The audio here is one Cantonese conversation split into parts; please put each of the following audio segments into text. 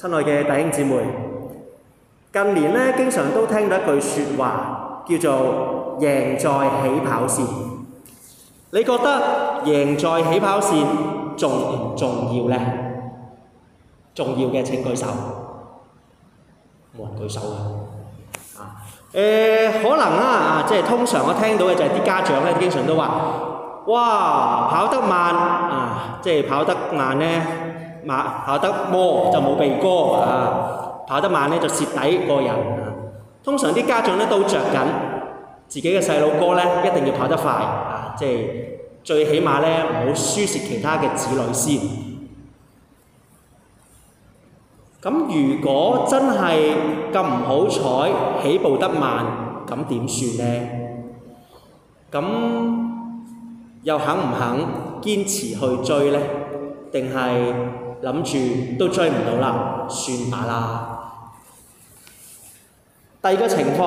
親愛嘅弟兄姊妹，近年咧經常都聽到一句説話，叫做贏在起跑線。你覺得贏在起跑線重唔重要咧？重要嘅請舉手。冇人舉手嘅。啊，誒可能啊啊，即係通常我聽到嘅就係啲家長咧，經常都話，哇，跑得慢啊，即係跑得慢咧。跑跑得摸就冇鼻哥啊！跑得慢呢就蝕底個人啊！通常啲家長呢都著緊自己嘅細路哥呢，一定要跑得快啊！即係最起碼呢唔好輸蝕其他嘅子女先。咁如果真係咁唔好彩起步得慢，咁點算呢？咁又肯唔肯堅持去追呢？定係？諗住都追唔到啦，算吧啦。第二個情況，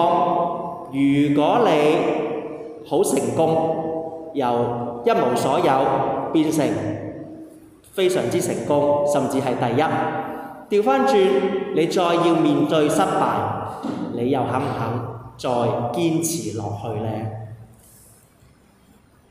如果你好成功，由一無所有變成非常之成功，甚至係第一，調翻轉，你再要面對失敗，你又肯唔肯再堅持落去呢？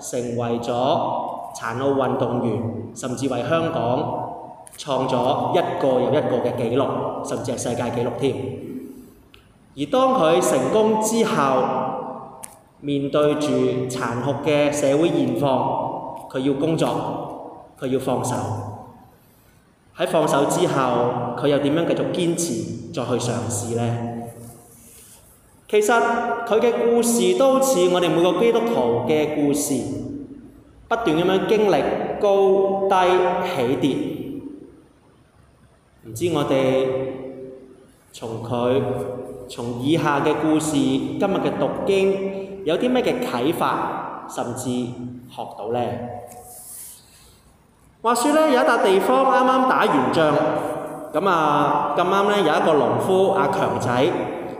成為咗殘奧運動員，甚至為香港創咗一個又一個嘅紀錄，甚至係世界紀錄添。而當佢成功之後，面對住殘酷嘅社會現況，佢要工作，佢要放手。喺放手之後，佢又點樣繼續堅持再去嘗試呢？其實佢嘅故事都似我哋每個基督徒嘅故事，不斷咁樣經歷高低起跌。唔知我哋從佢，從以下嘅故事，今日嘅讀經有啲咩嘅啟發，甚至學到呢？話説呢，有一笪地方啱啱打完仗，咁啊咁啱呢，有一個農夫阿強仔。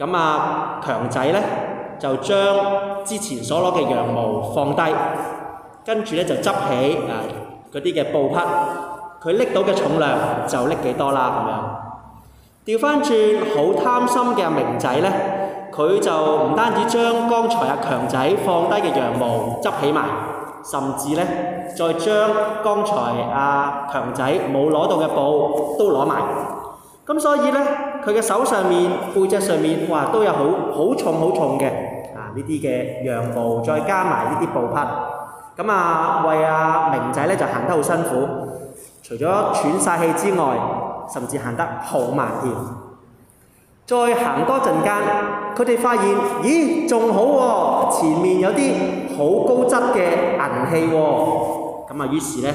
咁阿強仔呢，就將之前所攞嘅羊毛放低，跟住呢就執起啊嗰啲嘅布匹，佢拎到嘅重量就拎幾多啦，咁樣。調返轉好貪心嘅明仔呢，佢就唔單止將剛才阿、啊、強仔放低嘅羊毛執起埋，甚至呢，再將剛才阿、啊、強仔冇攞到嘅布都攞埋。咁所以呢，佢嘅手上面、背脊上面，哇，都有好好重好重嘅啊！呢啲嘅羊毛，再加埋呢啲布匹。咁啊，為阿、啊、明仔呢就行得好辛苦，除咗喘曬氣之外，甚至行得好慢添。再行多陣間，佢哋發現，咦，仲好喎、啊！前面有啲好高質嘅銀器喎，咁啊，於是呢。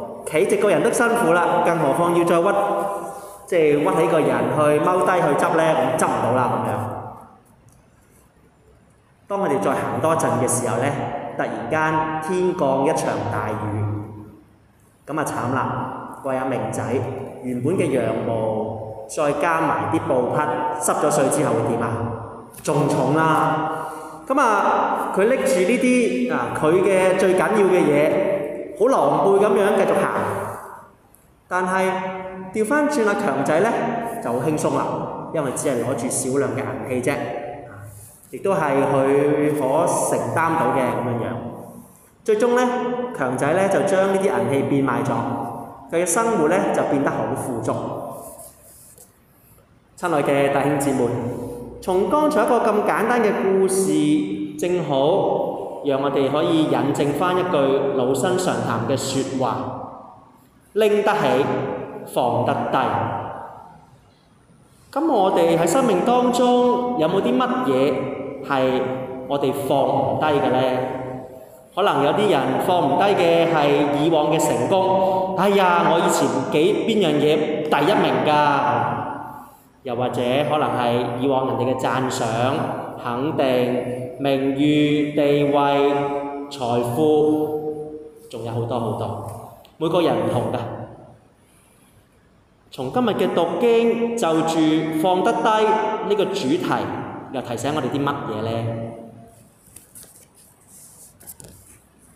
企直個人都辛苦啦，更何況要再屈，即係屈起個人去踎低去執咧，咁執唔到啦咁樣。當我哋再行多陣嘅時候咧，突然間天降一場大雨，咁啊慘啦！為阿明仔原本嘅羊毛，再加埋啲布匹，濕咗水之後會點啊？仲重啦！咁啊，佢拎住呢啲啊，佢嘅最緊要嘅嘢。好狼狽咁樣繼續行，但係調返轉阿強仔呢就好輕鬆啦，因為只係攞住少量嘅銀器啫，亦都係佢可承擔到嘅咁樣。最終呢，強仔呢就將呢啲銀器變賣咗，佢嘅生活呢就變得好富足。親愛嘅弟兄姊妹，從剛才一個咁簡單嘅故事，正好。讓我哋可以引證返一句老生常談嘅説話：拎得起，放得低。咁我哋喺生命當中有冇啲乜嘢係我哋放唔低嘅呢？可能有啲人放唔低嘅係以往嘅成功。哎呀，我以前幾邊樣嘢第一名㗎。又或者可能係以往人哋嘅讚賞、肯定、名譽、地位、財富，仲有好多好多，每個人唔同㗎。從今日嘅讀經，就住放得低呢個主題，又提醒我哋啲乜嘢呢？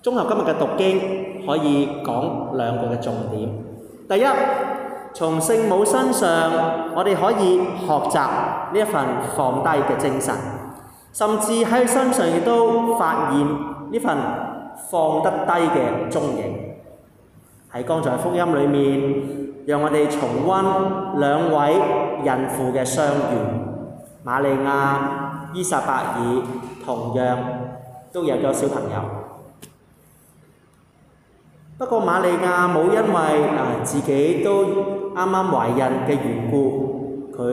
綜合今日嘅讀經，可以講兩個嘅重點。第一。從聖母身上，我哋可以學習呢份放低嘅精神，甚至喺佢身上亦都發現呢份放得低嘅蹤影。喺剛才的福音裏面，讓我哋重温兩位孕婦嘅相遇，瑪利亞、伊撒伯爾，同樣都有咗小朋友。不過瑪利亞冇因為自己都啱啱懷孕嘅緣故，佢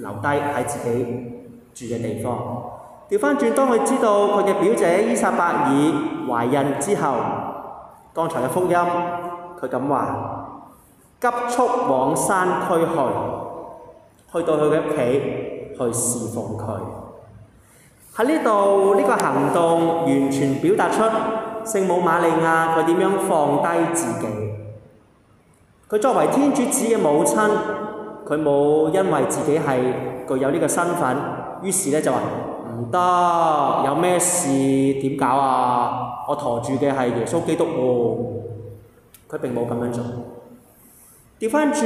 留低喺自己住嘅地方。調翻轉，當佢知道佢嘅表姐依撒伯爾懷孕之後，剛才嘅福音，佢咁話：急速往山區去，去到佢嘅屋企去侍奉佢。喺呢度，呢個行動完全表達出。聖母瑪利亞，佢點樣放低自己？佢作為天主子嘅母親，佢冇因為自己係具有呢個身份，於是咧就話唔得，有咩事點搞啊？我陀住嘅係耶穌基督喎、哦，佢並冇咁樣做。掉返轉，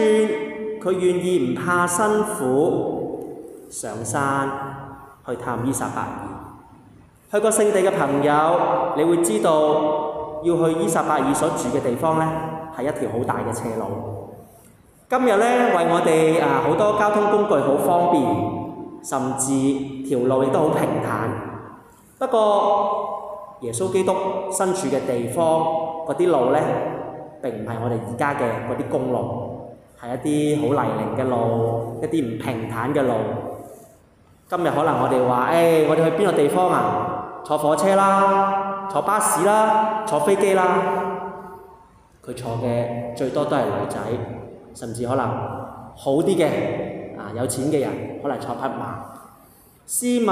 佢願意唔怕辛苦，上山去探依撒伯爾。去過聖地嘅朋友，你會知道要去伊撒伯爾所住嘅地方呢，係一條好大嘅斜路。今日呢，為我哋啊好多交通工具好方便，甚至條路亦都好平坦。不過耶穌基督身處嘅地方，嗰啲路呢，並唔係我哋而家嘅嗰啲公路，係一啲好泥濘嘅路，一啲唔平坦嘅路。今日可能我哋話誒，我哋去邊個地方啊？坐火車啦，坐巴士啦，坐飛機啦。佢坐嘅最多都係女仔，甚至可能好啲嘅啊，有錢嘅人可能坐匹馬。試問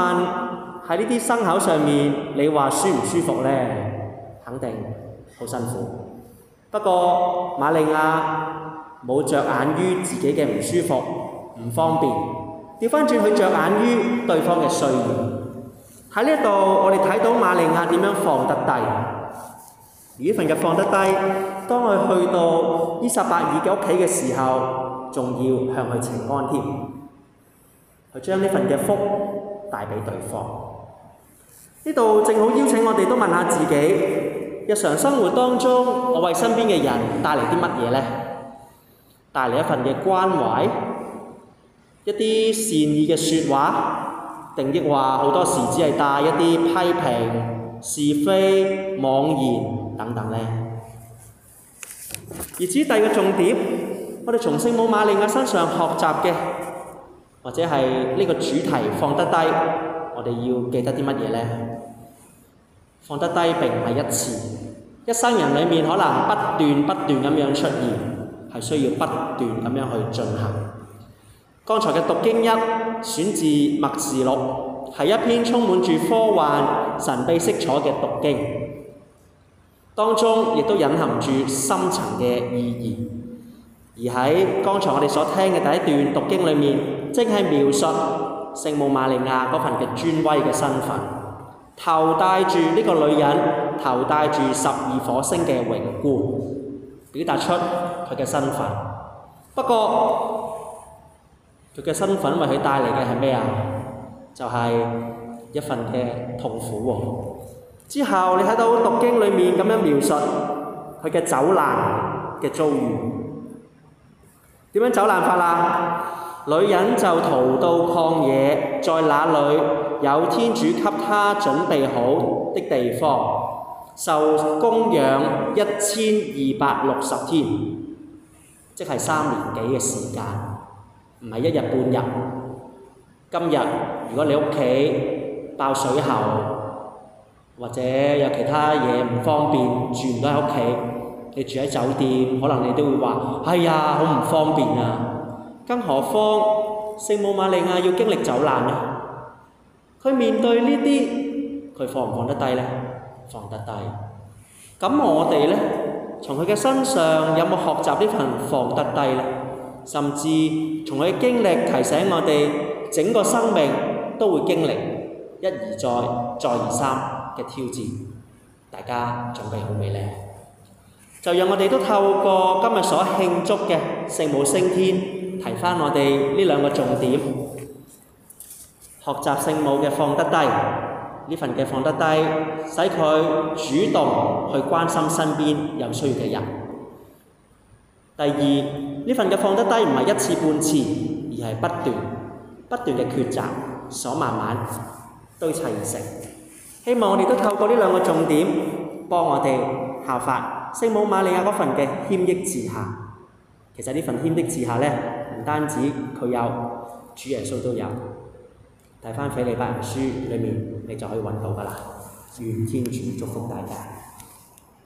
喺呢啲牲口上面，你話舒唔舒服咧？肯定好辛苦。不過瑪麗亞冇着眼於自己嘅唔舒服、唔方便，調翻轉佢着眼於對方嘅需要。喺呢度，我哋睇到瑪利亞點樣放得低，而呢份嘅放得低。當佢去到伊撒伯爾嘅屋企嘅時候，仲要向佢請安添，佢將呢份嘅福帶俾對方。呢度正好邀請我哋都問下自己，日常生活當中，我為身邊嘅人帶嚟啲乜嘢呢？帶嚟一份嘅關懷，一啲善意嘅説話。定義話好多時只係帶一啲批評、是非、妄言等等呢。而至於第二個重點，我哋從聖母瑪利亞身上學習嘅，或者係呢個主題放得低，我哋要記得啲乜嘢呢？放得低並唔係一次，一生人裡面可能不斷不斷咁樣出現，係需要不斷咁樣去進行。剛才嘅讀經一。選自《默示錄》，係一篇充滿住科幻神秘色彩嘅讀經，當中亦都隱含住深層嘅意義。而喺剛才我哋所聽嘅第一段讀經裏面，正係描述聖母瑪利亞嗰份嘅尊威嘅身份，頭戴住呢個女人頭戴住十二火星嘅榮冠，表達出佢嘅身份。不過，佢嘅身份為佢帶嚟嘅係咩啊？就係一份嘅痛苦喎。之後你睇到讀經裡面咁樣描述佢嘅走難嘅遭遇，點樣走難法啦？女人就逃到曠野，在那裡有天主給她準備好的地方，受供養一千二百六十天，即係三年幾嘅時間。唔係一日半日。今日如果你屋企爆水喉，或者有其他嘢唔方便住唔到喺屋企，你住喺酒店，可能你都會話：哎呀，好唔方便啊！更何況聖母瑪利亞要經歷走難啊！佢面對呢啲，佢放唔放得低呢？放得低。咁我哋呢，從佢嘅身上有冇學習呢份放得低呢？甚至從佢經歷提醒我哋，整個生命都會經歷一而再、再而三嘅挑戰。大家準備好未呢？就讓我哋都透過今日所慶祝嘅聖母升天，提返我哋呢兩個重點，學習聖母嘅放得低，呢份嘅放得低，使佢主動去關心身邊有需要嘅人。第二。呢份嘅放得低唔係一次半次，而係不斷不斷嘅抉擇所慢慢堆砌而成。希望我哋都透過呢兩個重點，幫我哋效法聖母瑪利亞嗰份嘅謙抑自下。其實呢份謙抑自下呢，唔單止佢有，主耶穌都有，睇返斐理伯書裏面，你就可以揾到㗎喇。願天主祝福大家。